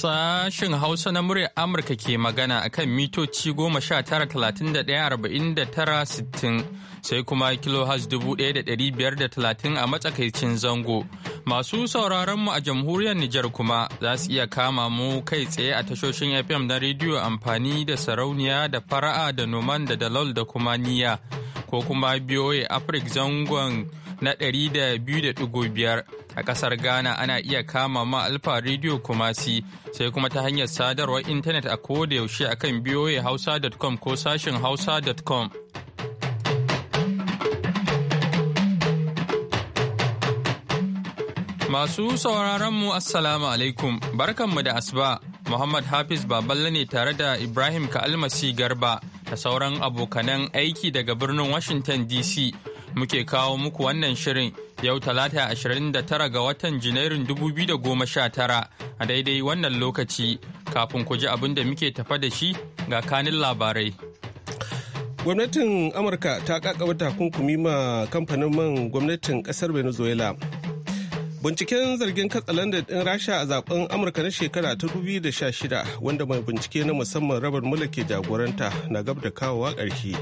Sashen Hausa na murya Amurka ke magana a kan mitoci goma sha tara talatin da ɗaya arba'in da tara sittin sai kuma kilohaz dubu ɗaya da ɗari biyar da talatin a matsakaicin zango. Masu sauraron mu a jamhuriyar Nijar kuma za su iya kama mu kai tsaye a tashoshin FM na rediyo amfani da sarauniya da fara'a da noman da dalol da kuma niya ko kuma BOA afrik zangon na ɗari da biyu da ɗigo biyar a kasar ghana ana iya kama ma alfa radio kumasi sai kuma ta hanyar sadarwar intanet a kodayaushe a kan hausa.com ko sashin hausa.com masu sauraronmu assalamu alaikum barkanmu da asuba muhammad hafiz baballe ne tare da ibrahim ka'almasi garba da sauran abokanan aiki daga birnin washington dc muke kawo muku wannan shirin yau talata 29 ga watan janairun 2019 a daidai wannan lokaci kafin ku ji abin da muke tafa da shi ga kanin labarai. Gwamnatin Amurka ta kakaba takunkumi ma kamfanin man gwamnatin kasar Venezuela. Binciken zargin katsalandar ɗin Rasha a zaben Amurka na shekara ta 2016 wanda mai bincike na musamman rabar mulki jagoranta na gab da kawowa ƙarshe.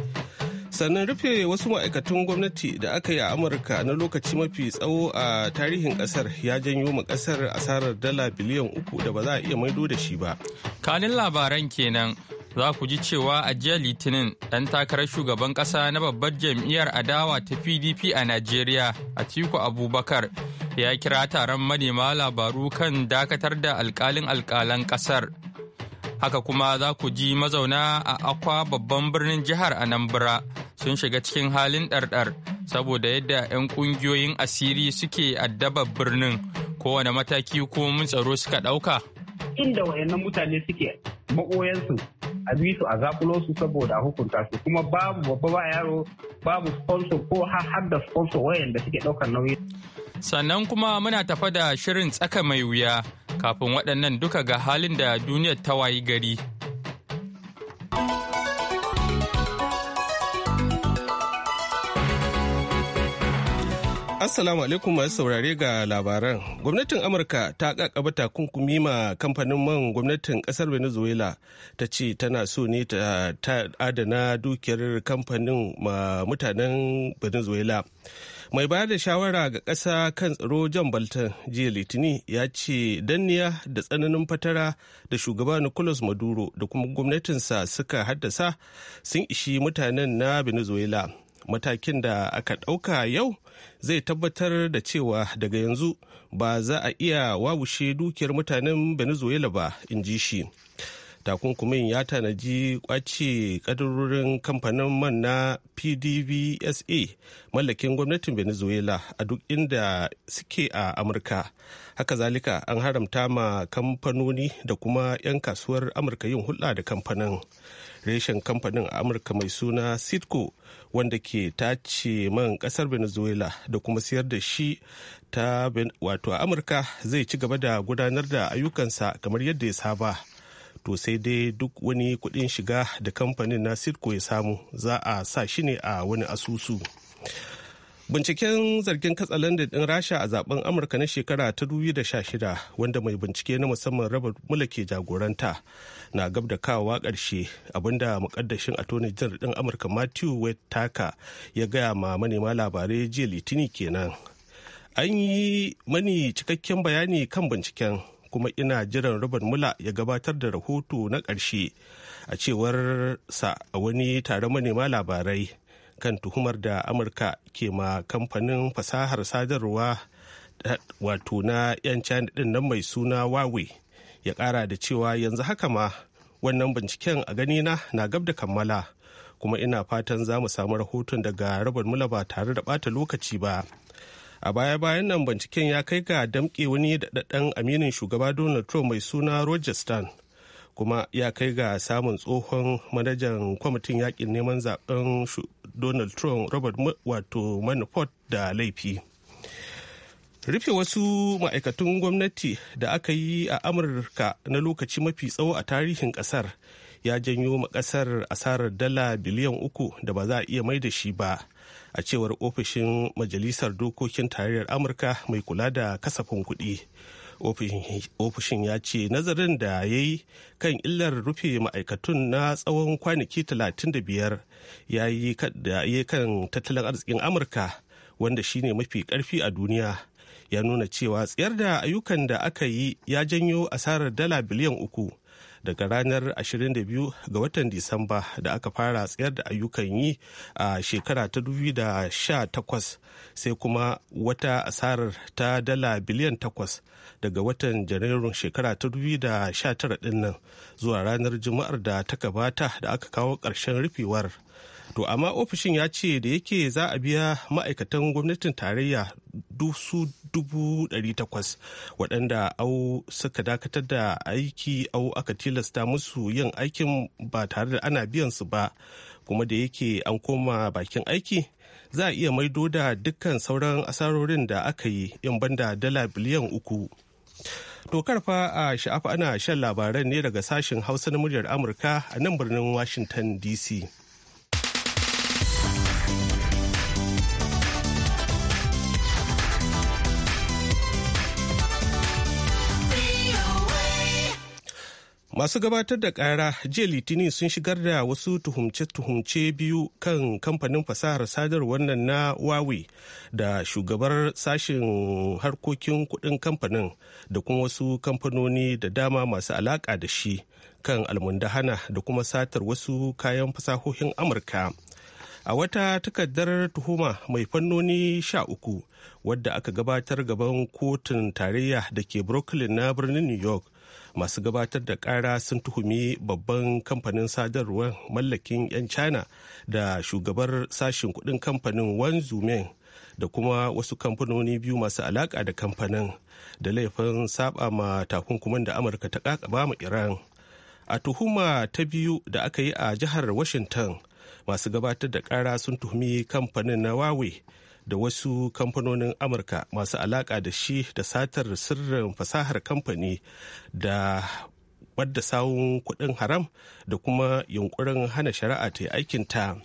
sannan rufe wasu ma'aikatan gwamnati da aka yi a amurka na lokaci mafi tsawo a tarihin kasar ya janyo ma kasar asarar dala biliyan uku da ba za a iya maido da shi ba kanin labaran kenan za ku ji cewa a jiya litinin ɗan takarar shugaban ƙasa na babbar jam'iyyar adawa ta pdp a najeriya atiku abubakar ya kira taron manema labaru kan dakatar da alkalin alkalan ƙasar haka kuma za ku ji mazauna a akwa babban birnin jihar anambra sun shiga cikin halin ɗarɗar saboda yadda 'yan ƙungiyoyin asiri suke addaba birnin kowane mataki ko mun tsaro suka ɗauka inda wayannan mutane suke maɓoyansu a bi su a zakulo su saboda a hukunta su kuma babu babba ba yaro babu sponsor ko har da sponsor wayanda suke ɗaukar nauyi sannan kuma muna tafa da shirin tsaka mai wuya kafin waɗannan duka ga halin da duniyar ta wayi gari. Assalamu alaikum masu saurare ga labaran. Gwamnatin Amurka ta kakaba takunkumi ma kamfanin man gwamnatin kasar Venezuela ta ce tana so ne ta adana dukiyar kamfanin ma mutanen Venezuela. mai bayar da shawara ga ƙasa kan tsaro jan bolton jiya litinin ya ce danniya da tsananin fatara da shugaba nicolas maduro da kuma gwamnatinsa suka haddasa sun ishi mutanen na venezuela matakin da aka ɗauka yau zai tabbatar da cewa daga yanzu ba za a iya wawushe dukiyar mutanen venezuela ba in ji shi takunkumin ya tanaji kwace kadarorin kamfanin man na pdvsa mallakin gwamnatin venezuela a duk inda suke a amurka haka zalika an haramta ma kamfanoni da kuma 'yan kasuwar amurka yin hulɗa da kamfanin reshen kamfanin a amurka mai suna sitco wanda ke tace man kasar venezuela da kuma siyar da shi ta wato amurka zai ci gaba da gudanar da ayyukansa kamar yadda ya saba to sai dai duk wani kuɗin shiga da kamfanin na sitco ya samu za a sa shi ne a wani asusu binciken zargin katsalandan ɗin rasha a zaben amurka na shekara ta 2016 wanda mai bincike na musamman rabar mula ke jagoranta na gab da kawowa ƙarshe abinda mukaddashin attorney general ɗin amurka matthew taka ya gaya ma manema labarai jiya litini kenan an yi mani cikakken bayani kan binciken kuma ina jiran Robert Mula ya gabatar da rahoto na ƙarshe a cewar sa a wani taron manema labarai kan tuhumar da Amurka ke ma kamfanin fasahar sadarwa eh, wato na 'yan China ɗin nan mai suna Wawe, ya ƙara da cewa yanzu haka ma wannan binciken a ganina na gab da kammala kuma ina fatan za mu samu rahoton daga Robert Mula ba tare da bata lokaci ba. a baya-bayan nan binciken ya kai ga damƙe wani daɗaɗɗen aminin shugaba donald trump mai suna roger kuma ya kai ga samun tsohon manajan kwamitin yakin neman zaben donald trump robert wato manafort da laifi rufe wasu ma'aikatun gwamnati da aka yi a amurka na lokaci mafi tsawo a tarihin kasar ya janyo ma kasar asarar dala biliyan uku da ba za a iya mai da shi ba a cewar ofishin majalisar dokokin tarayyar amurka mai kula da kasafin kuɗi ofishin ya ce nazarin da ya yi kan illar rufe ma'aikatun na tsawon kwanaki 35 ya yi kan tattalin arzikin amurka wanda shine mafi karfi a duniya ya nuna cewa tsayar da ayyukan da aka yi ya janyo asarar dala biliyan uku daga ranar 22 ga watan Disamba da aka fara tsayar da ayyukan yi a shekara ta 2018 sai kuma wata asarar ta dala biliyan 8 daga watan Janairun shekara ta 2019 nan zuwa ranar Juma'ar da ta gabata da aka kawo ƙarshen rufewar. To amma ofishin ya ce da yake za a biya ma'aikatan gwamnatin tarayya dusu dubu ɗari takwas waɗanda au suka dakatar da aiki au aka tilasta musu yin aikin ba tare da ana biyan su ba kuma da yake an koma bakin aiki za a iya maido da dukkan sauran asarorin da aka yi in banda dala biliyan uku. Tokar fa a sha'afa ana shan labaran ne daga sashen hausa na muryar Amurka a nan birnin Washington DC. Masu gabatar da ƙara jiya litini sun shigar da wasu tuhumce-tuhumce biyu kan kamfanin fasahar sadarwar nan na Huawei da shugabar sashen harkokin kuɗin kamfanin da kuma wasu kamfanoni da dama masu alaƙa da shi kan almundahana da kuma satar wasu kayan fasahohin Amurka. a wata takardar tuhuma mai fannoni sha uku wadda aka gabatar gaban kotun tarayya da ke brooklyn na birnin new york masu gabatar da ƙara sun tuhumi babban kamfanin sadarwar mallakin 'yan china da shugabar sashen kudin kamfanin wanzumen da kuma wasu kamfanoni biyu masu alaka da kamfanin da laifin saba ma takunkuman da amurka ta kakaba ma iran a tuhuma ta biyu da aka yi a jihar washington masu gabatar da ƙara sun tuhumi kamfanin na huawei da wasu kamfanonin amurka masu alaka da shi da satar sirrin fasahar kamfani da wadda sawun kudin haram da kuma yunkurin hana shari'a ta yi aikinta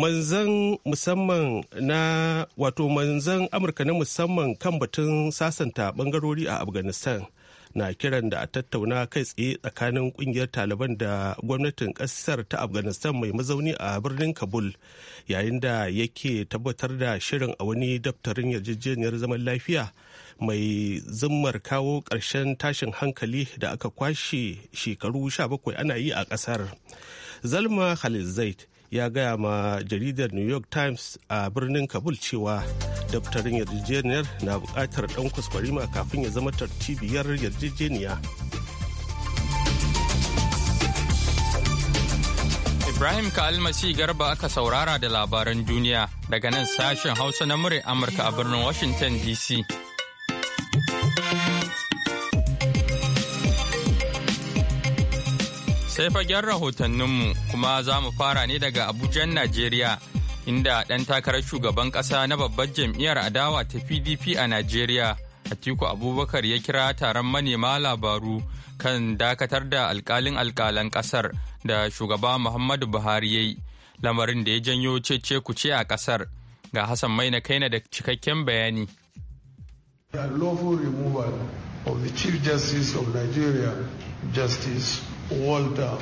manzan musamman na wato manzan amurka na musamman kan batun sasanta bangarori a afghanistan na kiran da a tattauna kai tsaye tsakanin kungiyar taliban da gwamnatin kasar ta afghanistan mai mazauni a birnin kabul yayin da yake tabbatar da shirin a wani daftarin yarjejeniyar zaman lafiya mai zimmar kawo ƙarshen tashin hankali da aka kwashe shekaru 17 ana yi a ƙasar zalma khalil zaid ya gaya ma jaridar new york times a birnin kabul cewa daftarin yarjejeniyar na bukatar dan kwaskwarima kafin ya zama tartibiyar yarjejeniya ibrahim kalmasi garba aka saurara da labaran duniya daga nan sashen hausa na mure amurka a birnin washington dc sai fagen rahotanninmu kuma za mu fara ne daga abujan najeriya inda ɗan takarar shugaban ƙasa na babbar jam'iyyar adawa ta pdp a najeriya atiku abubakar ya kira taron manema labaru kan dakatar da alkalin alkalan ƙasar da shugaba muhammadu buhari ya yi lamarin da ya janyo cece ce a ƙasar ga hassan maina kaina da cikakken bayani The lawful removal of the Chief Justice of Nigeria, Justice Walter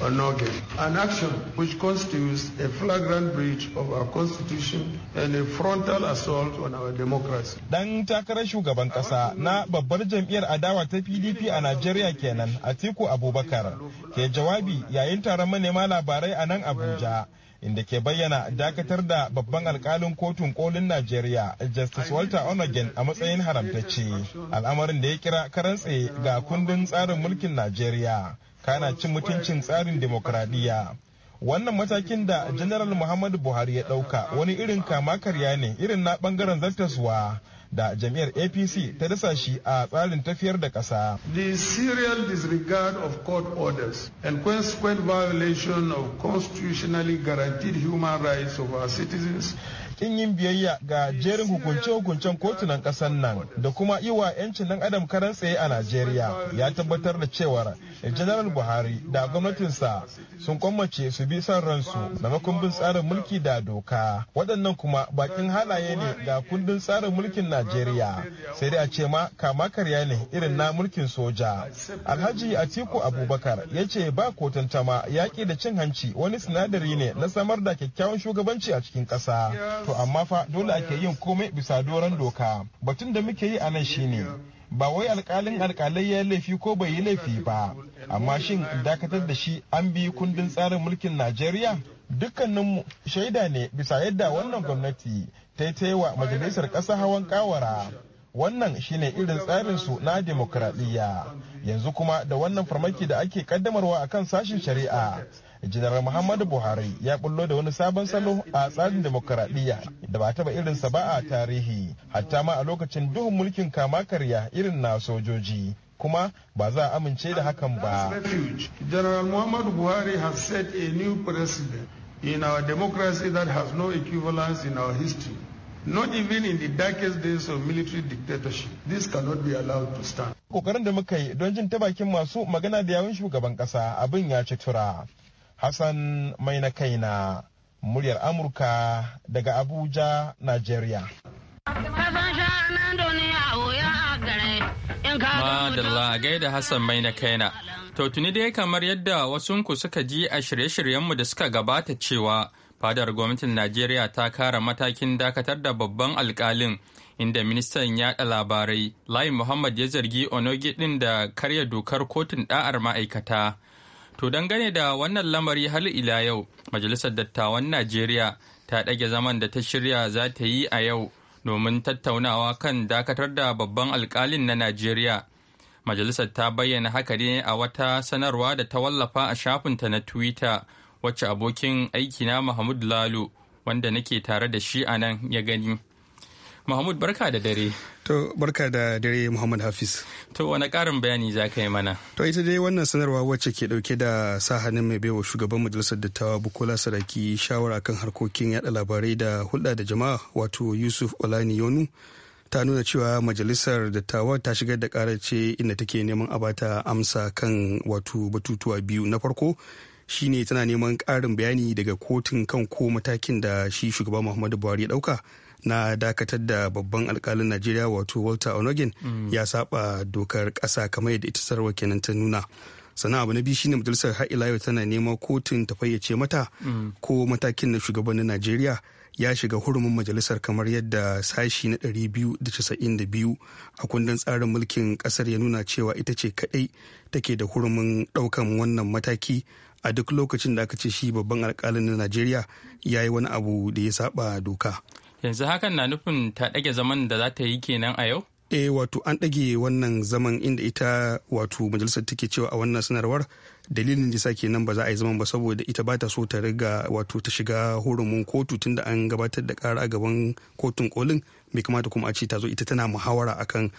Onoge. An action which constitutes a flagrant breach of our constitution and a frontal assault on our democracy. Dan takarar shugaban kasa na babbar jam'iyyar adawa ta PDP a Najeriya kenan Atiku Abubakar ke jawabi yayin taron manema labarai a nan Abuja. inda ke bayyana dakatar da babban alkalin kotun kolin Najeriya Justice Walter Onogen a matsayin haramtacce al'amarin da ya kira karantse ga kundin tsarin mulkin Najeriya kana cin mutuncin tsarin demokradiyya wannan matakin da janaral muhammadu buhari ya dauka wani irin kama karya ne irin na bangaren zartaswa da jam'iyyar apc ta dasa shi a tsarin tafiyar da ƙasa. the serial disregard of court orders and consequent violation of constitutionally guaranteed human rights of our citizens kin yin biyayya ga jerin hukunce-hukuncen kotunan ƙasar nan da kuma yi wa 'yancin dan adam karan tsaye a Najeriya ya tabbatar da cewar General Buhari da gwamnatinsa sun kwamace su bi son ransu maimakon bin tsarin mulki da doka. Waɗannan kuma bakin halaye ne ga kundin tsarin mulkin Najeriya sai dai a ce ma kama karya ne irin na mulkin soja. Alhaji Atiku Abubakar ya ce ba kotantama yaƙi da cin hanci wani sinadari ne na samar da kyakkyawan shugabanci a cikin ƙasa. To amma fa dole ake yin komai bisa doron doka. Batun da muke yi a nan shine ba wai alkalin alkalai ya laifi ko bai yi laifi ba amma shin dakatar da shi an bi kundin tsarin mulkin najeriya dukkaninmu shaida ne bisa yadda wannan gwamnati ta yi wa majalisar ƙasa hawan kawara wannan shine irin tsarinsu na demokradiyya yanzu kuma da wannan farmaki da ake kaddamarwa akan sashen shari'a janar muhammadu buhari ya bullo da wani sabon salo a tsarin demokradiyya da ba taba irinsa ba a tarihi hatta ma a lokacin duhun mulkin kama karya irin na sojoji kuma ba za a amince da hakan ba general muhammadu buhari has set a new president in our democracy that has no equivalence in our history not even in the darkest days of military dictatorship this cannot be allowed to stand kokarin da muka yi don jin ta bakin masu magana da yawun shugaban kasa abin ya ci tura hassan mai na kaina muryar amurka daga abuja nigeria Madalla gaida Hassan mai na kaina. To tuni dai kamar yadda wasunku suka ji a shirye-shiryenmu da suka gabata cewa fadar gwamnatin najeriya ta kara matakin dakatar da babban alkalin inda ministan yaɗa labarai lai muhammad ya zargi onogi din da karya dokar kotun da'ar ma'aikata to dangane da wannan lamari hal ila yau majalisar dattawan najeriya ta ɗage zaman da ta shirya za ta yi a yau domin tattaunawa kan dakatar da babban alkalin na najeriya majalisar ta bayyana haka ne a wata sanarwa da ta wallafa a shafinta na twitter wacce abokin aikina Mahmud Lalo wanda nake tare da shi a nan ya gani. Mahmud barka da dare. To barka da dare Muhammad Hafiz. To wani karin bayani za ka yi mana? To ita dai wannan sanarwa wacce ke dauke da sahanin mai baiwa shugaban majalisar dattawa Bukola Saraki shawara kan harkokin yada labarai da hulɗa da jama'a wato Yusuf Olani Yonu ta nuna cewa majalisar dattawa ta shigar da ƙarar ce inda take neman a bata amsa kan wato batutuwa biyu na farko shine tana neman karin bayani daga kotun kan ko matakin da shi shugaba muhammadu buhari ya ɗauka na dakatar da babban alkalin najeriya wato walter onogin mm. ya saba dokar ƙasa kamar yadda ita sarwa kenan ta nuna sannan abu na biyu shine majalisar ha'ilayo yau tana neman kotun ta fayyace mata mm. ko matakin na shugabannin najeriya ya shiga hurumin majalisar kamar yadda sashi na da da casa'in biyu. a kundin tsarin mulkin kasar ya nuna cewa ita ce kadai take da hurumin daukan wannan mataki a duk lokacin da aka ce shi babban alkalin na najeriya ya yi wani abu da ya saba doka yanzu hakan na nufin ta ɗage zaman da za ta yi kenan a yau e wato an ɗage wannan zaman inda ita wato majalisar take cewa a wannan sanarwar dalilin da ke nan ba za a yi zaman ba saboda ita bata so ta riga wato ta shiga hurumin kotu tunda an gabatar da kara a gaban kotun kolin bai kamata kuma a ce ta zo ita tana muhawara akan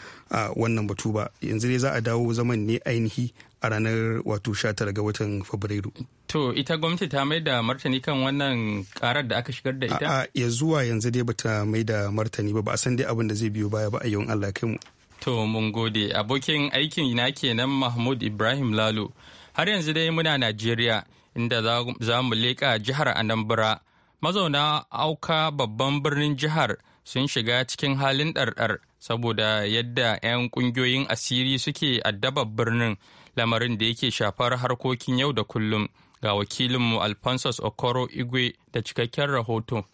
wannan batu ba yanzu dai za a dawo zaman ne ainihi a ranar wato 19 ga watan fabrairu to ita gwamnati ta mai da martani kan wannan karar da aka shigar da ita a ya zuwa yanzu dai bata mai da martani ba ba a san dai abin da zai biyo baya ba a yawan Allah kai mu to mun gode abokin aikin na kenan Mahmud Ibrahim Lalo Har yanzu dai muna Najeriya inda za mu leƙa jihar Anambra. Mazauna auka babban birnin jihar sun shiga cikin halin ɗarɗar saboda yadda 'yan ƙungiyoyin asiri suke addabar birnin lamarin da yake shafar harkokin yau da kullum. Ga wakilinmu Alphonsus Okoro Igwe da cikakken rahoto.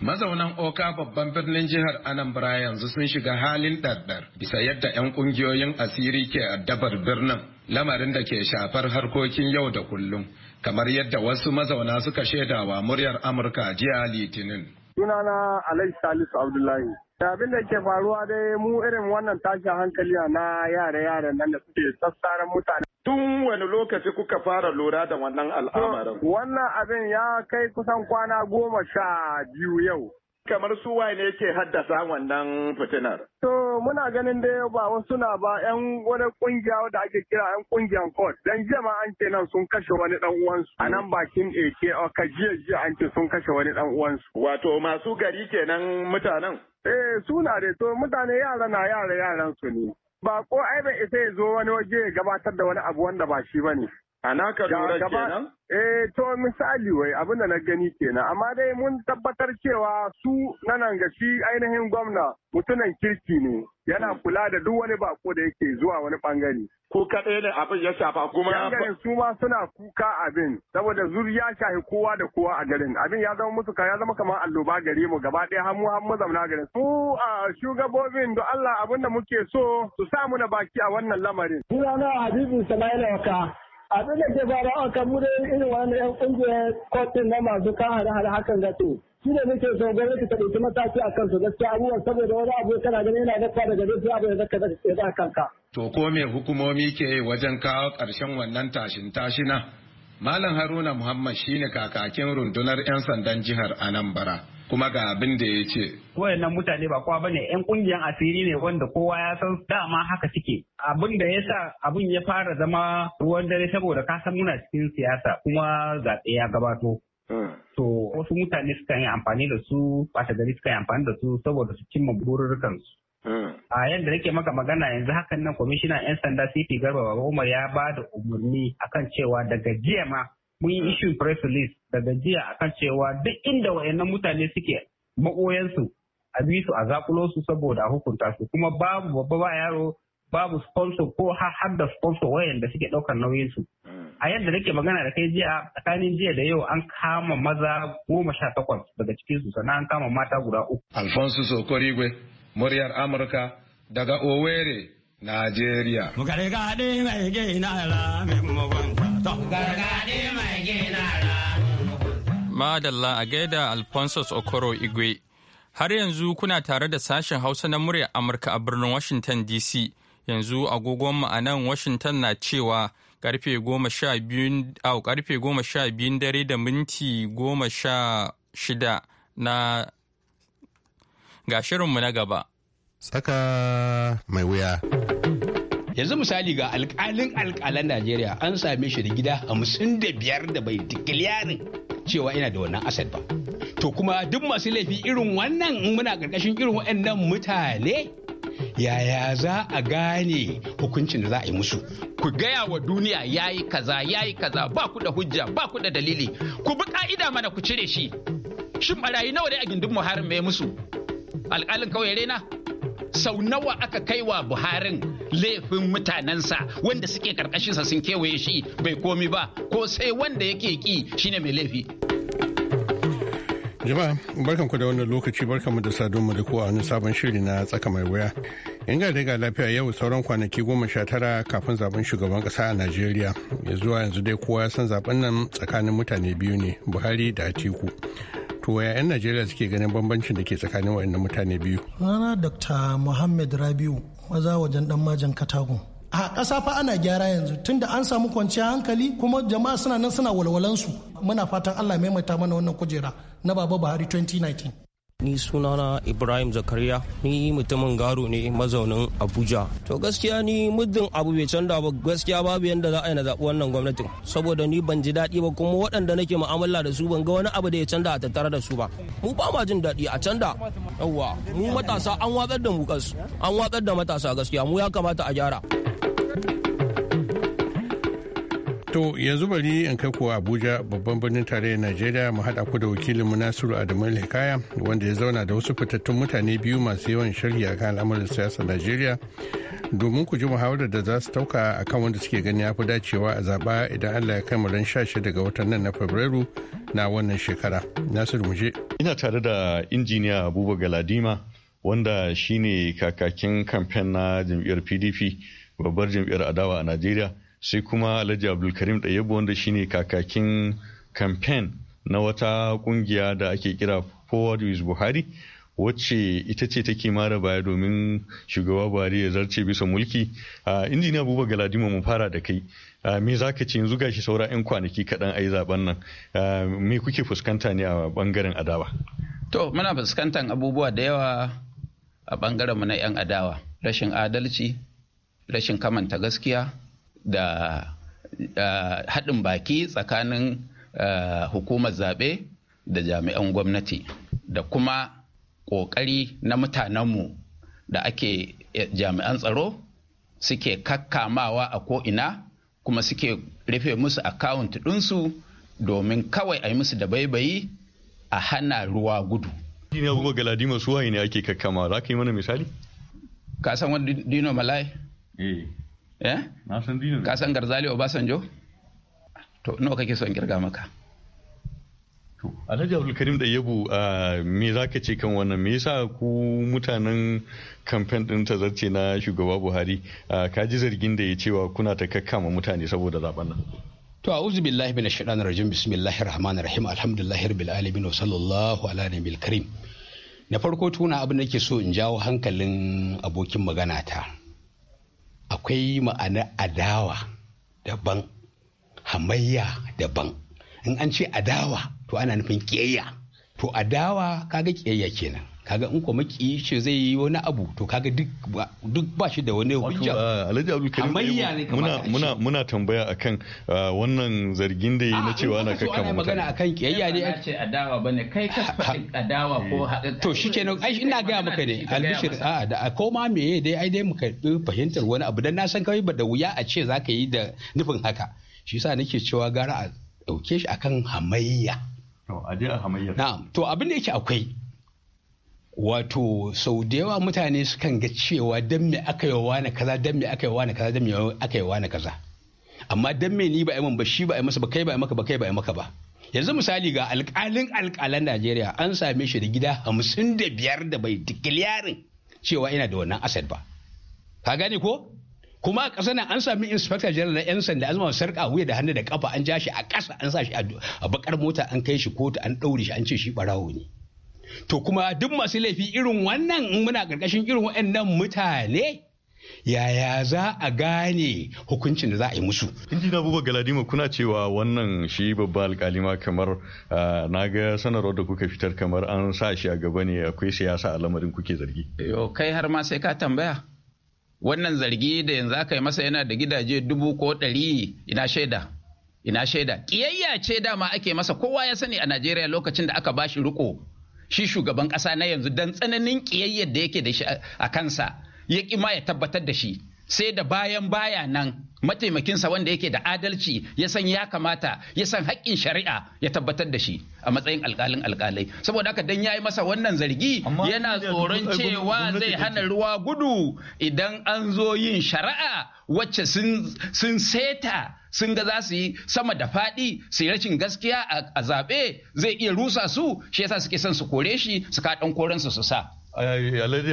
Mazaunan Oka babban birnin jihar Anambra yanzu sun shiga halin ɗarɗar bisa yadda 'yan ƙungiyoyin asiri ke addabar birnin. lamarin da ke shafar harkokin yau da kullum kamar yadda wasu mazauna suka shaidawa muryar amurka jiya litinin sunana alai salisu abdullahi abin da ke faruwa dai mu irin wannan tashin hankali na yare-yaren nan da suke sassaran mutane tun wani lokaci kuka fara lura da wannan al'amarin wannan abin ya kai kusan kwana goma sha biyu yau kamar su ne yake haddasa wannan fitinar? To muna ganin dai ba wasu na ba yan wani kungiya da ake kira yan kungiyan kot dan jama an ce nan sun kashe wani dan uwansu a nan bakin eke a jiya jiya an ce sun kashe wani dan uwansu. Wato masu gari kenan mutanen? Eh suna da to mutane yara na yara yaran su ne. Ba ko ai bai isa ya zo wani waje ya gabatar da wani abu wanda ba shi ba ne. A naka lura kenan? Eh to misali wai abinda na gani kenan amma dai mun tabbatar cewa su nan ga shi ainihin gwamna mutunan kirki ne yana hmm. kula da duk wani bako da yake zuwa wani bangare. Ko kaɗai ne abin ya shafa kuma. Ya Bangaren su ma suna kuka abin saboda zuri ya shafi kowa da kowa a garin abin ya zama musu ya zama kamar alloba gare mu gaba ɗaya har mu har mu zamna garin. Su a shugabobin da Allah abin da muke so su samu na baki a wannan lamarin. Sunana Habibu Sama'ila Waka. abin da ke fara a kan mu irin wani yan kungiyar kotun na masu kan hare-hare hakan gato shi ne nake so gwamnati ta ɗauki mataki a kansu gaskiya abubuwan saboda wani abu kana ganin yana gaskiya daga zai ya abin da zaka zaka kanka. to ko me hukumomi ke wajen kawo ƙarshen wannan tashin tashina. Malam Haruna Muhammad shine kakakin rundunar 'yan sandan jihar Anambra. kuma ga abin da ya ce. Wayannan mutane ba kowa bane yan kungiyan asiri ne wanda kowa ya san dama haka suke. Abin da ya sa abin ya fara zama ruwan dare saboda ka san muna cikin siyasa kuma zaɓe ya gabato. To wasu mutane suka yi amfani da su, ɓata gari suka yi amfani da su saboda su cimma bururrukansu. Mm. a yadda nake maka magana yanzu hakan nan kwamishinan 'yan sanda cp garba umar ya ba da umarni akan cewa daga jiya ma mun yi mm. issue press release daga jiya akan cewa duk inda wayannan mutane suke makoyansu a bi su a zakulo su saboda a hukunta su kuma babu babba ba yaro babu sponsor ko har da sponsor wayanda suke ɗaukar nauyin su mm. a yadda nake magana da kai jiya tsakanin jiya da yau an kama maza goma sha takwas daga cikin sannan an kama mata guda uku alfonso sokorigwe muryar Amurka daga Owerri, Najeriya. Madalla a gaida Alphonsus Okoro Igwe. Har yanzu kuna tare da sashen Hausa na muryar Amurka a birnin Washington DC. Yanzu agogon a nan Washington na cewa karfe goma sha biyun dare da minti goma sha shida na ga shirinmu na gaba. Tsaka mai wuya. yanzu misali ga alkalin alkalan najeriya an same shi da gida hamsin da biyar da bai tikiliyarin cewa yana da wannan asad ba to kuma duk masu laifi irin wannan in muna karkashin irin waɗannan mutane yaya za a gane hukuncin da za a yi musu ku gaya wa duniya yayi kaza yayi kaza ba ku da hujja ba ku da dalili ku bi ka'ida mana ku cire shi shin barayi nawa ne a gindin muharin mai musu alƙalin kauye rena sau nawa aka kai wa buharin laifin mutanensa wanda suke karkashinsa sun kewaye shi bai komi ba ko sai wanda yake ki shine mai laifi jama'a barkanku da wannan lokaci barkanmu da sadonmu da kowa wani sabon shiri na tsaka mai wuya in ga ga lafiya yau sauran kwanaki goma sha tara kafin zaben shugaban kasa a najeriya ya zuwa yanzu dai kowa ya san zaben nan tsakanin mutane biyu ne buhari da atiku To ya 'yan Najeriya suke ganin bambancin da ke tsakanin waɗannan mutane biyu? Rana Dr. Muhammad Rabiu maza wajen dan majan Katago. A ƙasa fa ana gyara yanzu tunda an samu kwanciyar hankali kuma jama'a suna nan suna walwalansu. Muna fatan Allah maimaita mana wannan kujera na Baba Buhari 2019. Ni sunana Ibrahim Zakariya, ni mutumin garo ne mazaunin Abuja. To gaskiya ni muddin abu bai canza ba gaskiya babu yadda za a yi na zaɓi wannan gwamnatin. Saboda ni ban ji daɗi ba kuma waɗanda nake mu'amala da su ban ga wani abu da ya canza a tattare da su ba. Mu ba ma jin daɗi a canza. Yawwa, mu matasa an watsar da mu kas, an watsar da matasa gaskiya mu ya kamata a gyara. To yanzu bari in kai kuwa Abuja babban birnin tarayyar Najeriya mu haɗa ku da wakilin mu Nasiru Adamu Hikaya wanda ya zauna da wasu fitattun mutane biyu masu yawan sharhi a kan al'amarin siyasar Najeriya domin ku ji muhawarar da za su tauka a kan wanda suke gani ya fi dacewa a zaɓa idan Allah ya kai mu ran shi daga watan nan na Fabrairu na wannan shekara. Nasiru muje. Ina tare da injiniya Abuba Galadima wanda shine kakakin kamfen na jam'iyyar PDP babbar jam'iyyar adawa a Najeriya. sai kuma alhaji abdulkarim ɗayyabu wanda shine kakakin kamfen na wata kungiya da ake kira forward with buhari wacce ita ce take mara baya domin shugaba buhari ya zarce bisa mulki a injiniya abubuwa galadima mu fara da kai me za ka ce yanzu gashi saura 'yan kwanaki kaɗan a yi zaben nan me kuke fuskanta ne a bangaren adawa to muna fuskantar abubuwa da yawa a bangaren mu na 'yan adawa rashin adalci rashin kamanta gaskiya da haɗin baki tsakanin eh, hukumar zaɓe da jami'an gwamnati da kuma ƙoƙari na mutanenmu da ake eh, jami'an tsaro suke kakkamawa a ko'ina kuma suke rufe musu akawunt ɗinsu domin kawai a yi musu da baibayi a hana ruwa gudu. Dina kuma masu waye ne ake kakkama za ka yi mana misali? Ka san wani dino malai? Eh. eh ka san garzali obasanjo to nawa kake son kirga maka Alhaji Abdulkarim da Yabu me za ka ce kan wannan me yasa ku mutanen kamfen ɗin tazarce na shugaba Buhari ka ji zargin da ya cewa kuna ta kakkama mutane saboda zaben nan. To uzu billahi bin shaɗan rajin bismillahi rahmanir rahim alhamdulillahi rabbil alamin wa sallallahu ala nabiyil karim. Na farko tuna abin da ke so in jawo hankalin abokin magana ta. akwai ma'ana adawa daban hamayya daban in an ce adawa to ana nufin ƙiyayya to adawa kaga ƙiyayya kenan kaga in kuma ki ce zai yi wani abu to kaga duk ba shi da wani hujja eh, alhaji karim muna muna muna tambaya akan eh, wannan zargin da yi na cewa na kakkan mutane magana akan kiyayya ne a ce adawa bane kai ka adawa ko eh, haɗa to shikenan ai ina ga maka ne albishir a da me meye dai ai dai muka fahimtar wani abu dan na san kawai ba da wuya a ce zaka yi da nufin haka shi yasa nake cewa gara a dauke shi akan hamayya to a je a hamayya na'am to abin da yake akwai wato sau da yawa mutane sukan ga cewa dan me aka yi wani kaza dan me aka yi wani kaza dan me aka yi wani kaza amma dan me ni ba yi ba shi ba yi masa ba kai ba yi maka ba kai ba yi maka ba yanzu misali ga alƙalin alƙalan Najeriya an same shi da gida hamsin da biyar da bai dikiliyarin cewa yana da wannan asad ba ka gane ko kuma a ƙasa an sami inspector general na 'yan sanda azuma sarƙa wuya da hannu da kafa an ja shi a ƙasa an sa shi a bakar mota an kai shi kotu an ɗaure shi an ce shi ɓarawo ne to kuma duk masu laifi irin wannan in muna ƙarƙashin irin waɗannan mutane yaya za a gane hukuncin da za a yi musu. Inji na buba galadima kuna cewa wannan shi babba Alkalima kamar na ga sanarwar da kuka fitar kamar an sa shi a gaba ne akwai siyasa a lamarin kuke zargi. Yo kai har ma sai ka tambaya. Wannan zargi da yanzu aka yi masa yana da gidaje dubu ko ɗari ina shaida. Ina shaida. Ƙiyayya ce dama ake masa kowa ya sani a Najeriya lokacin da aka bashi riko shi shugaban ƙasa na yanzu don tsananin ƙiyayyar da yake da shi a kansa ya ƙi ma ya tabbatar da shi sai da bayan baya nan mataimakinsa wanda yake da adalci ya san ya kamata ya san haƙƙin shari'a ya tabbatar da shi a matsayin alƙalin alƙalai saboda haka dan yi masa wannan zargi yana tsoron cewa zai hana ruwa gudu idan an zo yin shari'a wacce sun seta sun ga za su yi sama da faɗi su yi rashin gaskiya a zaɓe zai iya rusa su shi yasa suke son su kore shi su ka ɗan korensu su sa Alhaji da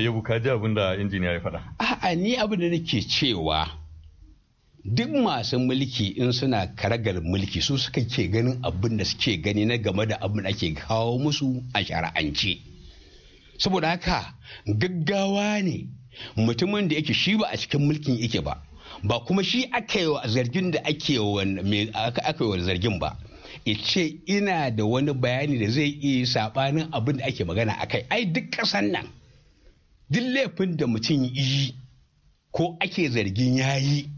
Yabu ka ji abin da injiniya ya faɗa. A'a ni abin da nake cewa duk masu mulki in suna karagar mulki su suka ke ganin abin da suke gani na game da abin ake kawo musu a shara'ance. Saboda haka gaggawa ne mutumin da yake shi ba a cikin mulkin yake ba ba kuma shi aka yi wa zargin da aka yi wa zargin ba. ya ce ina da wani bayani da zai iya sabanin abin da ake magana a kai ai duk kasan nan duk laifin da mutum yi ko ake zargin ya yi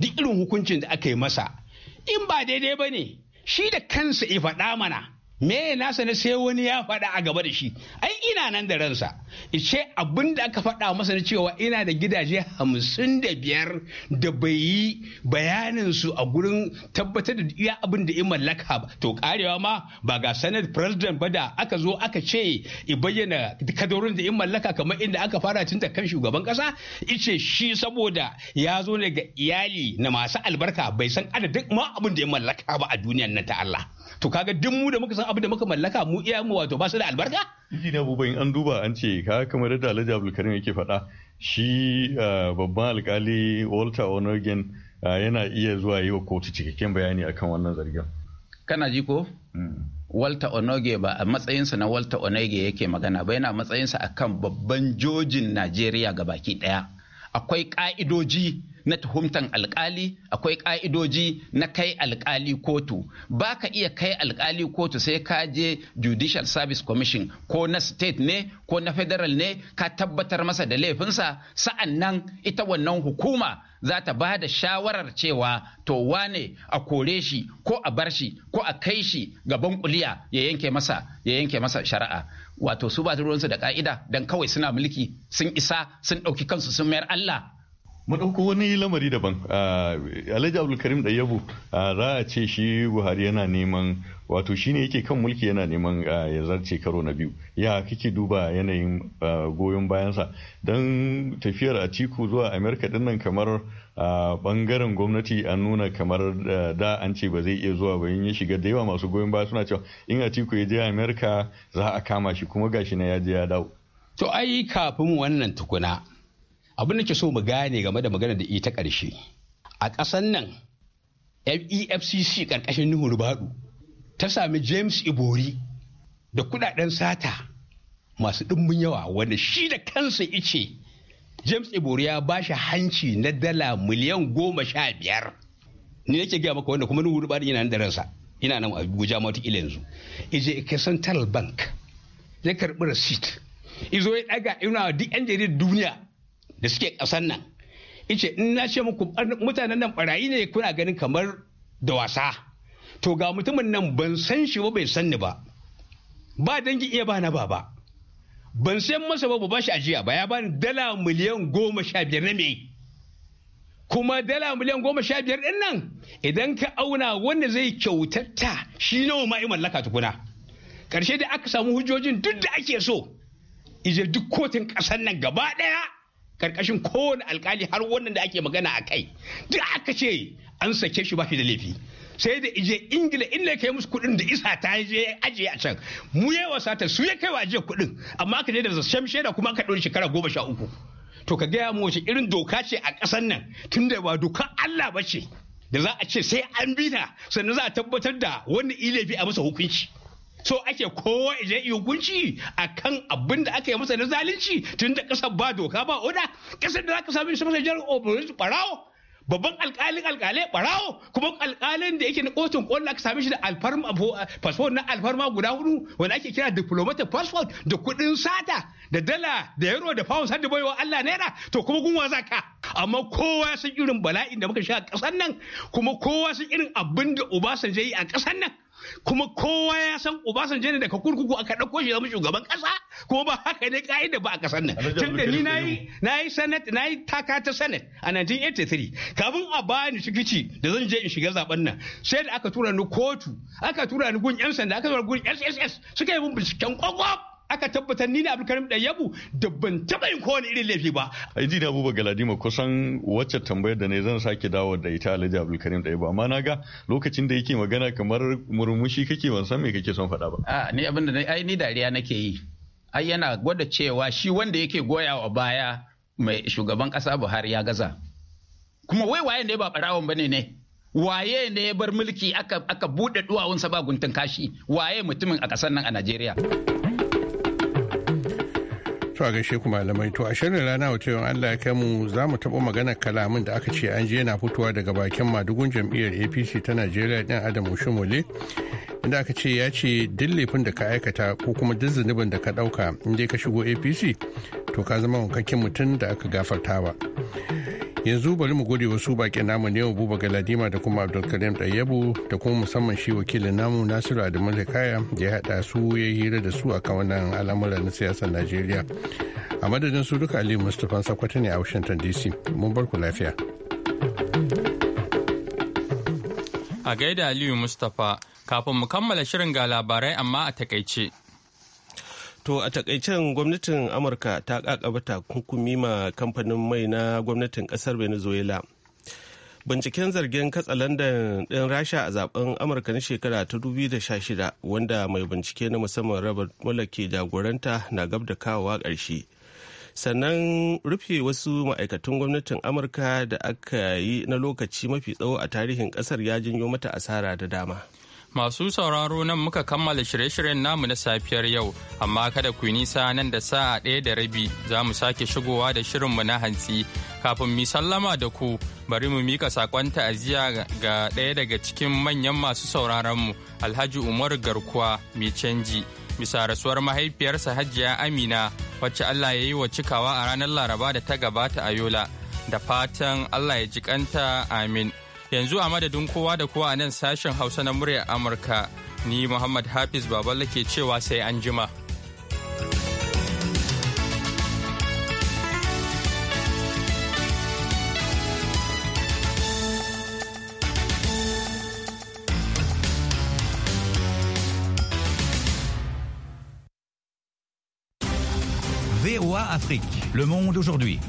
duk irin hukuncin da aka yi masa in ba daidai ba ne shi da kansa ya faɗa mana me nasa na sai wani ya faɗa a gaba da shi ai ina nan da ransa ce abin da aka faɗa masa na cewa ina da gidaje hamsin da biyar da bai yi bayanin su a gurin tabbatar da iya abin da mallaka ba to karewa ma ba ga senate president ba da aka zo aka ce i bayyana kadorin da in mallaka kamar inda aka fara tun da kan shugaban kasa ice shi saboda ya zo ne ga iyali na masu albarka bai san adadin ma abin da ya mallaka ba a duniyar nan ta Allah to kaga duk mu da muka san abin da muka mallaka mu iya mu wato ba su da albarka Iji na bubayin an duba an ce ka kamar yadda Alhaji Abdulkarim yake faɗa shi ah, babban alkali Walter Onogen ah, yana iya zuwa yi wa kotu cikakken bayani akan wannan zargin. Kana ji ko? Hmm. Walter Onoge ba a matsayinsa na Walter Onoge yake magana ba yana matsayinsa akan babban jojin Najeriya ga baki ɗaya. Akwai ƙa'idoji na tuhumtan alkali akwai ka'idoji na kai alkali kotu ba ka iya kai alkali kotu sai ka je judicial service commission ko na state ne ko na federal ne ka tabbatar masa da laifinsa sa'an nan ita wannan hukuma za ta ba da shawarar cewa to wane a kore shi ko a bar shi ko a kai shi gaban kuliya ya yanke masa ya yanke masa shari'a wato su ba ruwansu da ka'ida don kawai suna mulki sun isa sun ɗauki kansu sun mayar Allah mu ɗauko wani lamari daban alhaji abdulkarim da yabo za a ce shi buhari yana neman wato shine yake kan mulki yana neman ya zarce karo na biyu ya kike duba yanayin goyon bayansa don tafiyar a ciku zuwa amerika dinnan kamar bangaren gwamnati a nuna kamar da an ce ba zai iya zuwa ba in ya shiga da yawa masu goyon baya suna cewa in a ciku ya je amerika za a kama shi kuma gashi na ya je ya dawo to ai kafin wannan tukuna abin da ke so mu gane game da magana da ita ƙarshe a ƙasan nan efcc ƙarƙashin nuhu rubadu ta sami james ibori da kudaden sata masu ɗumbin yawa wanda shi da kansa ice james ibori ya ba shi hanci na dala miliyan goma sha biyar ni nake gaya maka wanda kuma nuhu rubadu yana da ransa ina nan abuja ila yanzu ije ke central bank ya karɓi receipt izo ya ɗaga ina duk yan jaridar duniya da suke ƙasan nan ice in na ce muku mutanen nan barayi ne kuna ganin kamar da wasa to ga mutumin nan ban san shi ba bai san ni ba ba dangi iya ba na baba ban san masa ba ba shi ajiya ba ya bani dala miliyan goma sha biyar na me kuma dala miliyan goma sha biyar din nan idan ka auna wanda zai kyautatta shi nawa ma mallaka tukuna karshe da aka samu hujjojin duk da ake so ije duk kotun ƙasar nan gaba ɗaya karkashin kowane alkali har wannan da ake magana a kai duk aka ce an sake shi ba da laifi sai da ije ingila inda kai musu kuɗin da isa ta je ajiye a can mu yi wasata su ya kai wa ajiye kuɗin amma ka je da zasshen shaida kuma ka ɗori shekara goma sha uku to ka gaya mu wace irin doka ce a ƙasar nan tunda ba doka Allah ba ce da za a ce sai an bi ta sannan za a tabbatar da wani ilafi a masa hukunci so ake kowa idan yi hukunci a kan abin da aka yi masa na zalunci tun da ƙasar ba doka ba oda ƙasar da za ka sami masa jar operation barawo babban alkalin alkalai barawo kuma alkalin da yake na kotun kwallo aka same shi da alfarma na alfarma guda hudu wanda ake kira diplomatic passport da kuɗin sata da dala da yaro da pounds har da baiwa Allah naira to kuma gunwa zaka amma kowa sun irin bala'in da muka sha a kasar nan kuma kowa sun irin abin da Obasanjo yi a kasar nan kuma kowa ya san Obasanjo ne daga kurkuku aka ɗauko shi zama shugaban ƙasa kuma ba haka ne ka'ida ba a ƙasar nan tun da ni nayi nayi senate nayi taka ta senate a 1983 kafin a bani shigici da zan je in shiga zaben nan sai da aka tura ni kotu aka tura ni gun yan sanda aka tura gun SSS suka yi mun binciken kwakwaf aka tabbatar ni ne abdulkarim yabu da ban taɓa yin kowane irin laifi ba. yi na abubuwa galadima kusan wacce tambayar da ne zan sake dawo da ita alhaji abdulkarim yabu. amma na ga lokacin da yake magana kamar murmushi kake ban san me kake son faɗa ba. a ni abinda na ai ni dariya nake yi ai yana gwada cewa shi wanda yake goya wa baya mai shugaban ƙasa buhari ya gaza kuma wai waye ne ba ɓarawon bane ne waye ne ya bar mulki aka buɗe duwawunsa ba guntun kashi waye mutumin a ƙasar nan a najeriya. To a gaishe ku malamai to a shirin rana wata yawan Allah ya kai mu za mu taɓa magana kalamin da aka ce an je yana fitowa daga bakin madugun jam'iyyar APC ta Najeriya ɗin Adam shumole inda aka ce ya ce duk laifin da ka aikata ko kuma duk zunubin da ka ɗauka in dai ka shigo APC to ka zama wankakken mutum da aka gafartawa. yanzu bari mu gode wasu bakin namu ne buba galadima da kuma abdulkarim ɗayyabu da kuma musamman shi wakilin namu nasiru adamu kaya da ya haɗa su ya hira da su kan wannan alamuran na siyasar najeriya a madadin su duka aliyu mustapha sakwata ne a washington dc mun bar ku lafiya a gaida aliyu mustapha kafin mu kammala shirin ga labarai amma a takaice To a takaicen gwamnatin Amurka ta kakaba takunkumi ma kamfanin mai na gwamnatin kasar Venezuela. Binciken zargin katsalandan ɗin Rasha a zaben Amurka na shekara ta 2016 wanda mai bincike na musamman Robert ke jagoranta na gab da kawowa ƙarshe. Sannan rufe wasu ma'aikatan gwamnatin Amurka da aka yi na lokaci mafi tsawo a tarihin ƙasar ya janyo mata asara da dama. Masu sauraro nan muka kammala shirye-shiryen namu na safiyar yau, amma kada ku nisa nan da sa'a ɗaya da rabi za mu sake shigowa da shirin mu na hantsi. Kafin mi sallama da ku, bari mu mika saƙon ta'aziyya ga ɗaya daga cikin manyan masu sauraronmu, Alhaji Umar Garkuwa mai canji. Bisa rasuwar mahaifiyarsa Hajiya Amina, wacce Allah ya yi wa cikawa a ranar Laraba da ta gabata a Yola, da fatan Allah ya jikanta amin. Yanzu a madadin kowa da kowa a nan sashen Hausa na muryar Amurka, ni Muhammad Hafiz Baballe ke cewa sai an jima. Afrique. Le monde aujourd'hui.